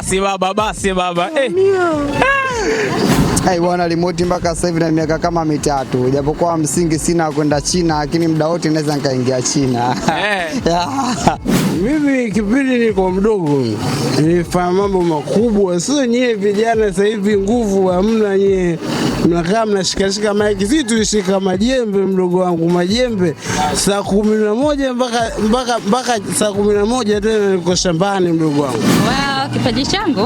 Basi baba, basi baba. Eh. Hey, ah. bwana remote mpaka sasa hivi na miaka kama mitatu, japokuwa msingi sina kwenda China, lakini muda wote naweza nikaingia China. Eh. Mimi kipindi niko mdogo nilifanya mambo makubwa, sio nyie vijana sasa hivi nguvu hamna, nyie mnakaa mnashikashika maiki. Si tulishika majembe, mdogo wangu, majembe saa kumi na moja mpaka mpaka mpaka saa kumi na moja tena niko shambani, mdogo wangu. Wow, kipaji changu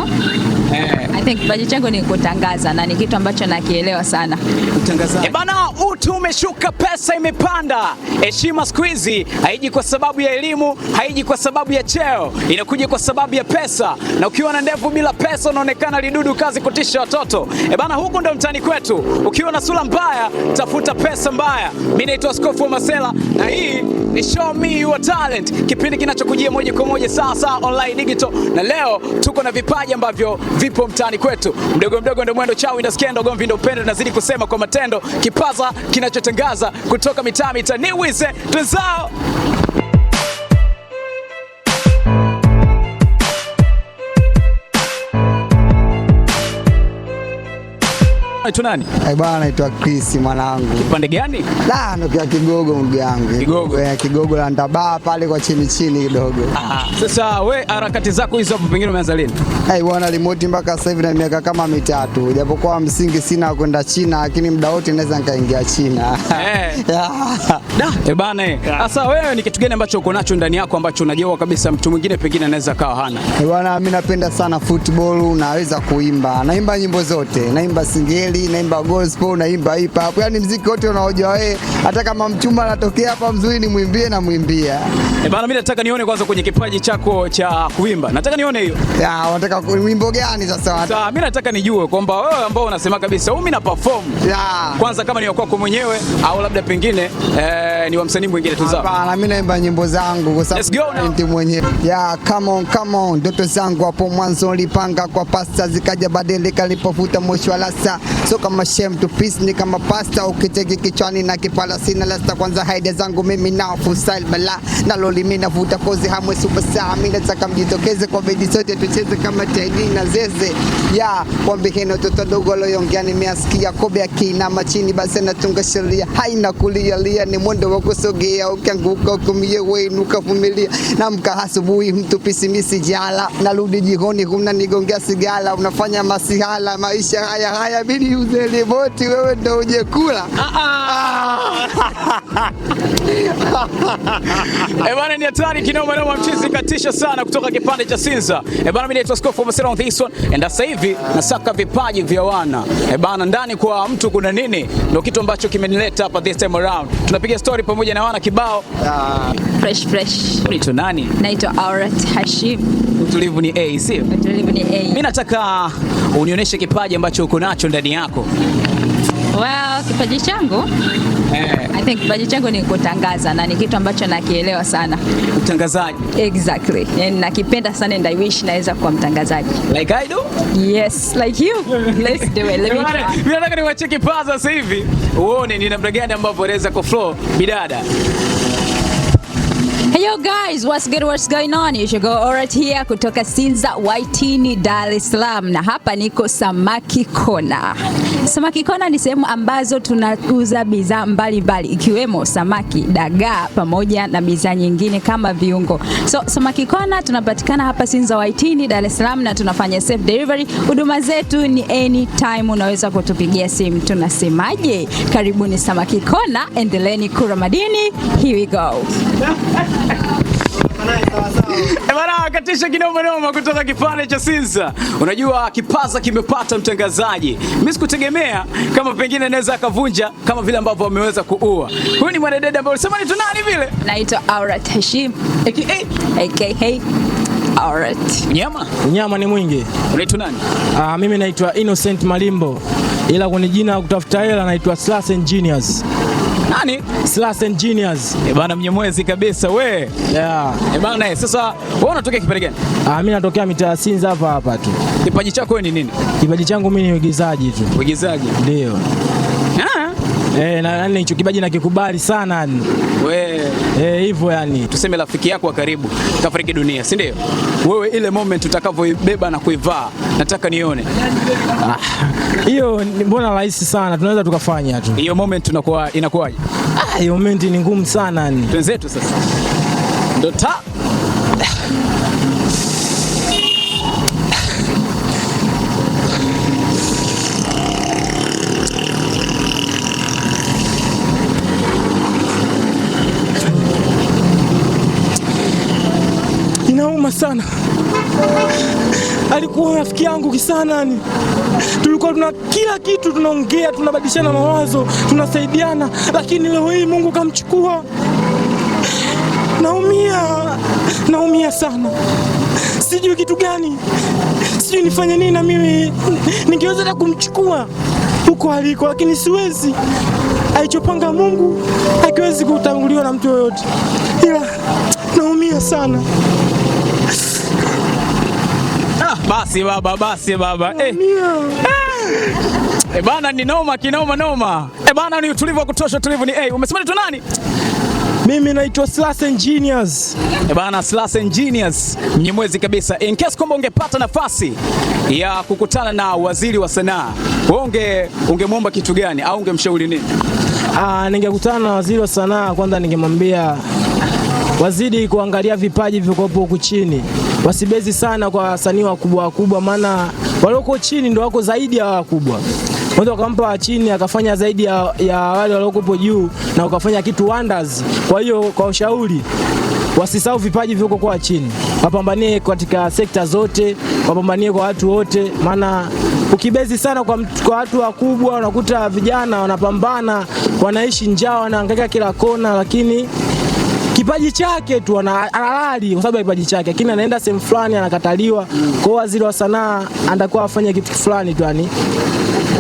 eh. I think kipaji changu ni kutangaza na ni kitu ambacho nakielewa sana. Kutangaza. Eh, bana, utu umeshuka, pesa imepanda, heshima siku hizi haiji kwa sababu ya elimu, haiji kwa sababu ya cheo, inakuja kwa sababu ya pesa, na ukiwa na ndevu bila pesa unaonekana lidudu, kazi kutisha watoto. E bana, huku ndo mtani kwetu. Ukiwa na sura mbaya, tafuta pesa mbaya. Mimi naitwa Askofu Masela na hii ni Show Me Your Talent, kipindi kinachokujia moja kwa moja sasa online digital, na leo tuko na vipaji ambavyo vipo mtaani kwetu. Mdogo mdogo ndo mwendo, chao, ndo gomvi ndo upendo, kusema kwa matendo, kipaza kinachotangaza kutoka mitaa mitani, wize Naitwa nani? Eh, bwana naitwa Chris mwanangu. Kipande gani? La, ndo kia Kigogo ndugu yangu. Kigogo. Eh, Kigogo la ndaba pale kwa chini chini kidogo. Ah, ah, sasa we harakati zako hizo hapo pengine umeanza lini? Eh, bwana remote mpaka sasa hivi na miaka kama mitatu. Japokuwa msingi sina kwenda China lakini muda wote naweza nikaingia China. Eh. Da, eh bwana. Eh. Sasa wewe ni kitu gani ambacho uko nacho ndani yako ambacho unajua kabisa mtu mwingine pengine anaweza kawa hana? Eh, bwana mimi napenda sana football, naweza kuimba. Naimba nyimbo zote. Naimba singeli kweli, naimba gospel, naimba hip hop, yani mziki wote unaojua wewe. Hata kama mchumba anatokea hapa mzuri, nimwimbie na mwimbia. E eh, bana, mimi nataka nione kwanza kwenye kipaji chako cha kuimba, nataka nione hiyo. Ya, unataka wimbo gani sasa? Sawa, mimi nataka nijue kwamba wewe ambao unasema kabisa mimi na perform kwanza, kama ni kwako mwenyewe au labda pengine eh, ni wa msanii mwingine tu. Hapana, mimi naimba nyimbo zangu kwa sababu mtu mwenyewe. Ya, come on come on, ndoto zangu hapo mwanzo nilipanga kwa pasta, zikaja badilika, lipofuta mwisho wa lasa sio kama shame to peace, ni kama pasta ukiteki kichwani na kipala sina lasta. Kwanza haide zangu mimi na fusail bala na loli mimi navuta kozi hamwe super saa mimi nataka mjitokeze kwa bedi sote tucheze kama tedi na zeze ya kwambi hino toto dogo loyongea nimeasikia kobe akiinama chini basi natunga sheria haina kulia lia ni mwendo wa kusogea ukianguka ukumie wenu kavumilia na mka asubuhi mtu pisi misi jala narudi jihoni humna nigongea sigala unafanya masihala maisha haya haya bini Yaani mzee Livoti wewe ndo uje kula. Ah! Eh, ni hatari kinoma na mchizi katisha sana kutoka kipande cha Sinza. Eh, bwana mimi naitwa Skofu Masera on this one and sasa hivi nasaka vipaji vya wana. Eh, ndani kwa mtu kuna nini? Ndio kitu ambacho kimenileta hapa this time around. Tunapiga story pamoja na wana kibao. Ah. Fresh fresh. Ni nani? Naitwa Aurat Hashim. Utulivu ni A, sio? Mimi nataka unionyeshe kipaji ambacho uko nacho ndani yako. Well, kipaji changu eh, I think kipaji changu ni kutangaza na ni kitu ambacho nakielewa sana. Utangazaji. Exactly. Yani nakipenda sana and I wish naweza kuwa mtangazaji. Like I do? Yes, like you. Let's do it. Let me. Mimi nataka niwacheke paza sasa hivi uone ni namna gani ambavyo unaweza kuflow bidada. Yo guys, what's good, what's going on? You should go alright here kutoka Sinza Waitini, Dar es Salaam, na hapa niko Samaki Kona. Samaki Kona ni sehemu ambazo tunauza bidhaa mbalimbali ikiwemo samaki, dagaa pamoja na bidhaa nyingine kama viungo. So Samaki Kona tunapatikana hapa Sinza Waitini, Dar es Salaam na tunafanya safe delivery. Huduma zetu ni anytime, unaweza kutupigia simu. Tunasemaje? Karibuni Samaki Kona, endeleeni kura madini. Here we go. Eh, Bana akatisha kinoma noma kutoka kipande cha Sinza. Unajua kipaza kimepata mtangazaji. Mimi sikutegemea kama pengine anaweza akavunja kama vile ambavyo ameweza kuua. Huyu ni mwanadada ambaye unasema ni tunani vile? Naitwa Aurat Hashim. Eh. AKA AKA Aurat. Nyama? Nyama ni mwingi. Unaitwa nani? Ah, mimi naitwa Innocent Malimbo. Ila kwenye jina kutafuta hela naitwa Slash Engineers nani Slash Engineers e bana, mnyamwezi kabisa we yeah. E bana, sasa wewe unatokea kipande gani? Ah, mimi natokea mitaa Sinza hapa hapa tu. Kipaji chako ni nini? Kipaji changu mimi ni uigizaji tu. Uigizaji ndio. Ah eh, na nani hicho kibaji nakikubali sana yani eh, hivyo eh, yani tuseme rafiki yako wa karibu kafariki dunia, si ndio? Wewe ile moment utakavyoibeba na kuivaa nataka nione ah, hiyo. mbona rahisi sana, tunaweza tukafanya tu hiyo moment. tunakuwa inakuwaje ah, hiyo? moment ni ngumu sana yani. Twenzetu sasa ndo ta sana, alikuwa rafiki yangu sana, ni tulikuwa tuna kila kitu, tunaongea, tunabadilishana mawazo, tunasaidiana, lakini leo hii Mungu kamchukua. Naumia, naumia sana, sijui kitu gani, sijui nifanye nini. Na mimi ningeweza hata kumchukua huko aliko, lakini siwezi. Alichopanga Mungu hakiwezi kutanguliwa na mtu yoyote, ila naumia sana. Basi baba, basi baba. Eh. Eh, bana ni noma kinoma noma. Eh, bana ni utulivu wa kutosha, utulivu ni eh. Umesema ni nani? Mimi naitwa Slas Engineers. E bana, Slas Engineers mnyemwezi kabisa. In case kwamba ungepata nafasi ya kukutana na waziri wa sanaa, wewe ungemwomba kitu gani au ungemshauri nini? Ah, ningekutana na waziri wa sanaa, kwanza ningemwambia wazidi kuangalia vipaji vikopo huku chini wasibezi sana kwa wasanii wakubwa wakubwa, maana walioko chini ndo wako zaidi ya wakubwa. Mtu akampa chini akafanya zaidi ya, ya wale waliokupo juu na ukafanya kitu wonders. Kwa hiyo kwa ushauri wasisahau vipaji vyoko kwa chini, wapambanie katika sekta zote, wapambanie kwa watu wote, maana ukibezi sana kwa, kwa watu wakubwa unakuta vijana wanapambana, wanaishi njaa, wanahangaika kila kona, lakini kipaji chake tu analali kwa sababu ya kipaji chake, lakini anaenda sehemu fulani anakataliwa. Kwa hiyo waziri wa sanaa anatakuwa afanye kitu fulani tu, yani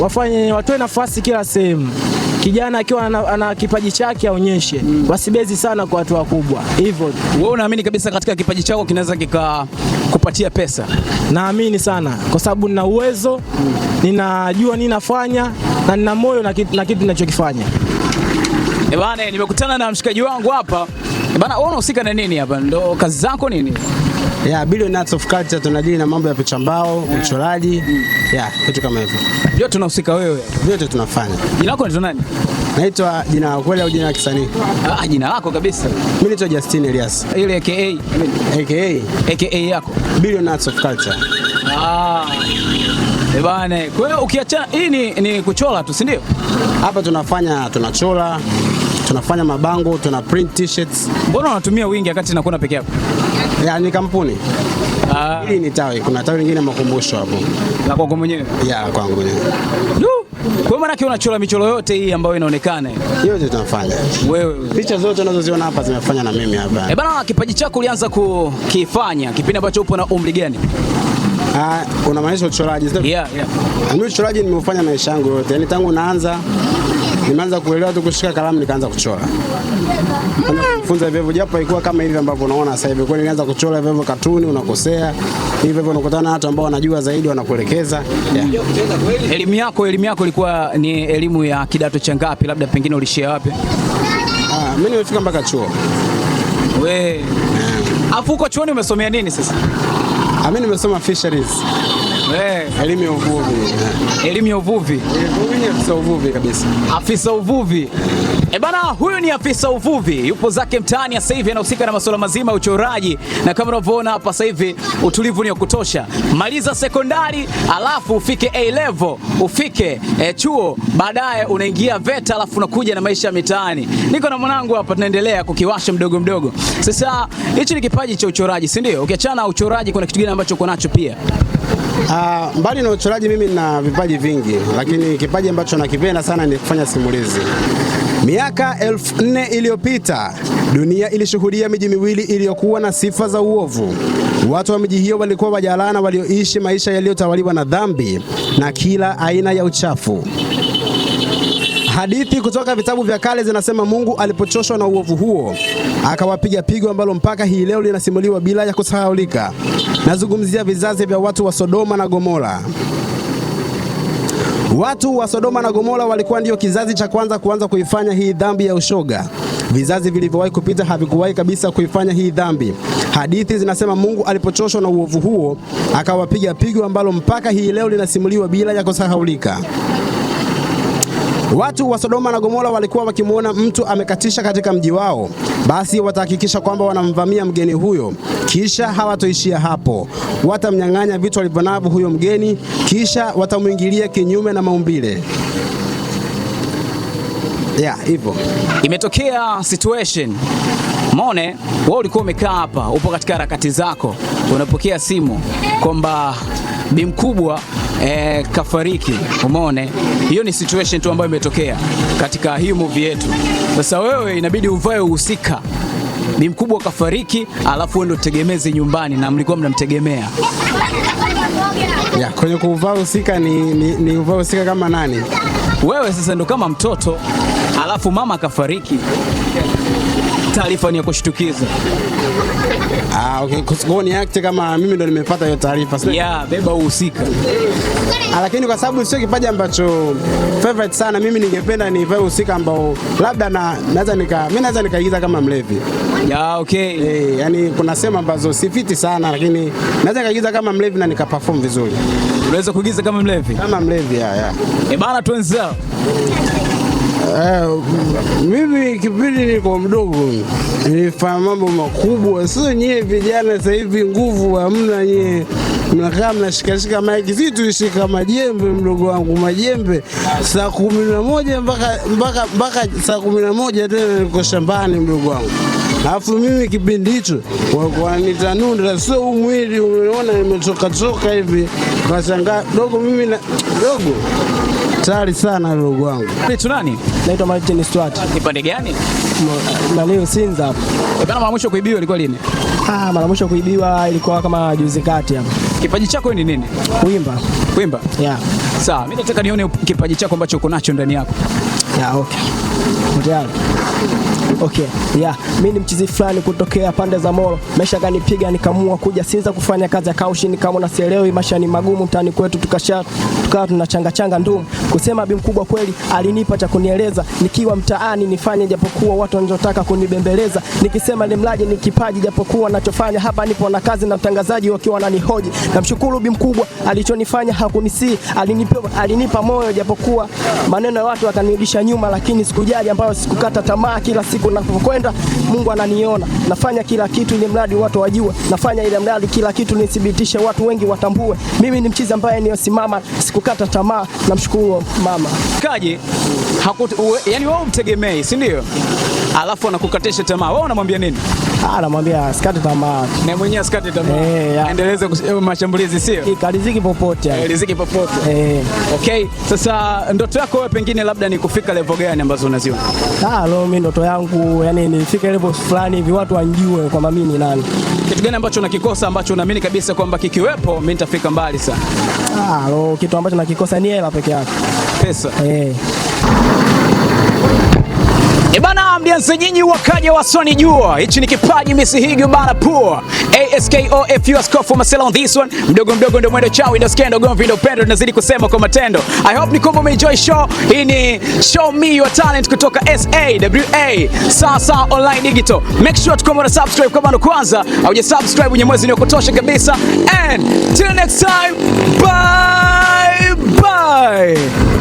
wafanye watoe nafasi kila sehemu kijana akiwa ana, ana kipaji chake aonyeshe, mm. wasibezi sana kwa watu wakubwa hivyo. Wewe unaamini kabisa katika kipaji chako kinaweza kikakupatia pesa? Naamini sana kwa sababu nina uwezo ninajua nini nafanya na nina moyo na kitu ninachokifanya. Ebane, eh, nimekutana na mshikaji wangu hapa Bana, wewe unahusika na nini hapa? Ndo kazi zako nini? Yeah, Arts of Culture tunadili na mambo ya picha mbao, yeah. Uchoraji, Yeah, kitu kama hivyo. Yote tunahusika wewe. Yote tunafanya. Jina lako ni nani? Naitwa jina la kweli au jina la kisanii? Ah, ah jina lako kabisa. Mimi naitwa Justin Elias. Ile AKA. AKA. AKA yako. Arts of Culture. Ah. Ebane, eh, kwa hiyo ukiacha hii ni, ni kuchora tu si ndio? Hapa tunafanya tunachora tunafanya mabango, tuna print t-shirts. Mbona unatumia wingi wakati nakuona peke yako? Ya, ni kampuni ah. Hili ni tawi, kuna tawi lingine makumbusho hapo. La kwako mwenyewe? Ya, kwangu mwenyewe. Kwa maana yake unachora michoro yote hii ambayo inaonekana. Hiyo ndio tunafanya. Wewe. Picha zote unazoziona hapa zimefanya na mimi hapa. Eh, bana kipaji chako ulianza kukifanya kipindi ambacho upo na umri gani? Ah, unamaanisha uchoraji? Yeah, yeah. Mimi uchoraji nimeufanya maisha yangu yote. Yaani tangu naanza nimeanza kuelewa tu kushika kalamu nikaanza kuchora. Funza hivyo japo ilikuwa kama hivi ambavyo unaona sasa hivi. Kwa nilianza kuchora hivyo hivyo katuni unakosea. Hivyo hivyo unakutana watu ambao wanajua zaidi wanakuelekeza. Yeah. Elimu yako elimu yako ilikuwa ni elimu ya kidato cha ngapi? Labda pengine ulishia wapi? Ah, mimi nimefika mpaka chuo. Wewe. Afu uko chuoni umesomea nini sasa? Ah, mimi nimesoma fisheries. Eh. elimu ya uvuvi. Elimu ya uvuvi, afisa uvuvi kabisa, afisa uvuvi. E bana, huyu ni afisa uvuvi, yupo zake mtaani sasa hivi, anahusika na masuala mazima ya uchoraji, na kama unavyoona hapa sasa hivi utulivu ni wa kutosha. Maliza sekondari, alafu ufike A level, ufike eh, chuo, baadaye unaingia VETA, alafu unakuja na maisha ya mitaani. Niko na mwanangu hapa, tunaendelea kukiwasha mdogo mdogo. Sasa hichi ni kipaji cha uchoraji, si ndio? Ukiachana na uchoraji, kuna kitu gani ambacho uko nacho pia? Uh, mbali na uchoraji mimi na vipaji vingi, lakini kipaji ambacho nakipenda sana ni kufanya simulizi. Miaka elfu nne iliyopita dunia ilishuhudia miji miwili iliyokuwa na sifa za uovu. Watu wa miji hiyo walikuwa wajalana walioishi maisha yaliyotawaliwa na dhambi na kila aina ya uchafu. Hadithi kutoka vitabu vya kale zinasema Mungu alipochoshwa na uovu huo akawapiga pigo ambalo mpaka hii leo linasimuliwa bila ya kusahaulika. Nazungumzia vizazi vya watu wa Sodoma na Gomora. Watu wa Sodoma na Gomora walikuwa ndio kizazi cha kwanza kuanza kuifanya hii dhambi ya ushoga. Vizazi vilivyowahi kupita havikuwahi kabisa kuifanya hii dhambi. Hadithi zinasema Mungu alipochoshwa na uovu huo akawapiga pigo ambalo mpaka hii leo linasimuliwa bila ya kusahaulika. Watu wa Sodoma na Gomora walikuwa wakimwona mtu amekatisha katika mji wao, basi watahakikisha kwamba wanamvamia mgeni huyo. Kisha hawatoishia hapo, watamnyang'anya vitu alivyonavyo huyo mgeni, kisha watamwingilia kinyume na maumbile ya yeah, hivyo imetokea situation Mone, wewe ulikuwa umekaa hapa, upo katika harakati zako, unapokea simu kwamba bi mkubwa Eh, kafariki. Umeone, hiyo ni situation tu ambayo imetokea katika hii movie yetu. Sasa wewe inabidi uvae uhusika bi mkubwa kafariki, alafu wewe ndio tegemezi nyumbani, na mlikuwa mnamtegemea ya kwenye kuvaa husika ni, ni, ni uvae uhusika kama nani? Wewe sasa ndo kama mtoto, alafu mama kafariki taarifa ni ya kushtukiza. Ah, okay. Ni act kama mimi ndo nimepata hiyo taarifa. Yeah, beba uhusika. Ah, Lakini kwa sababu sio kipaji ambacho favorite sana, mimi ningependa ni vile uhusika ambao labda na naweza nika mimi naweza nikaigiza kama mlevi. Yeah, okay. Eh, yani kuna sema ambazo sifiti sana lakini naweza nikaigiza kama mlevi na nika perform vizuri. Unaweza kuigiza kama mlevi? Kama mlevi, yeah, yeah. Eh, bana twenzao. Eh, mimi kipindi niko mdogo nilifanya mambo makubwa. sio nyie vijana sasa hivi nguvu hamna, nyie mnakaa mnashikashika maiki. Si tulishika majembe, mdogo wangu, majembe saa kumi na moja mpaka saa kumi na moja tena niko shambani, mdogo wangu. Alafu mimi kipindi hicho wanitanunda, sio huu mwili umeona imetokatoka hivi, kashangaa dogo. Mimi na dogo tayari sana dogo wangu. Tunani naitwa Martin Stuart Kipande gani? Nani Sinza hapo. E bana, mara mwisho kuibiwa ilikuwa lini? Ah, mara mwisho kuibiwa ilikuwa kama juzi kati hapo. Kipaji chako ni nini? Kuimba. Kuimba? Yeah. Sawa, mimi nataka nione kipaji chako ambacho uko nacho ndani yako. Yeah, okay. Mtayari. Okay, yeah. Mi ni mchizi fulani kutokea pande za Moro. Maisha kanipiga nikamua kuja Sinza kufanya kazi ya kaushi ni na sielewi maisha ni magumu mtani kwetu tukasha tukawa tunachanga changa ndumu. Kusema bi mkubwa kweli alinipa cha kunieleza nikiwa mtaani nifanye japokuwa watu wanataka kunibembeleza. Nikisema ni mlaji ni kipaji japokuwa nachofanya hapa nipo na kazi na mtangazaji wakiwa wananihoji. Namshukuru bi mkubwa alichonifanya hakunisi, alinipa alinipa moyo japokuwa maneno ya watu akanirudisha nyuma, lakini sikujali ambayo sikukata tamaa kila siku ninapokwenda Mungu ananiona, nafanya kila kitu ili mradi watu wajue, nafanya ili mradi kila kitu nithibitishe, watu wengi watambue mimi ni mchizi ambaye niosimama sikukata tamaa. Namshukuru mama kaje hakuti, yani wewe umtegemei, si ndio? Alafu anakukatesha tamaa, wewe unamwambia nini? anamwambia asikate tamaa. Na mwenyewe asikate tamaa. Eh, endeleza eh, mashambulizi sio? kaliziki popote. kaliziki eh, popote. Eh. Okay, sasa ndoto yako wewe pengine labda ni kufika level gani ambazo unaziona? Ah, leo mimi ndoto yangu yani nifike level fulani hivi watu wanjue kwamba mimi ni nani. Kitu gani ambacho unakikosa ambacho unaamini kabisa kwamba kikiwepo mimi nitafika mbali sana? Ah, leo kitu ambacho nakikosa ni hela peke yake. Pesa. Eh. Naam, dansi nyinyi wakaja Sony jua. Hichi ni kipaji Miss Higgy bana poor. ASKO if you ask for Marcelo on this one. Mdogo mdogo ndio mwendo chao ndio skendo gomo video pendo nazidi kusema kwa matendo. I hope ni kwamba umeenjoy show. Hii ni Show Me Your Talent kutoka SAWA. Sasa online digital. Make sure tuko mwana subscribe kama ndo kwanza. je subscribe mwezi ni kutosha kabisa. And till next time. Bye bye.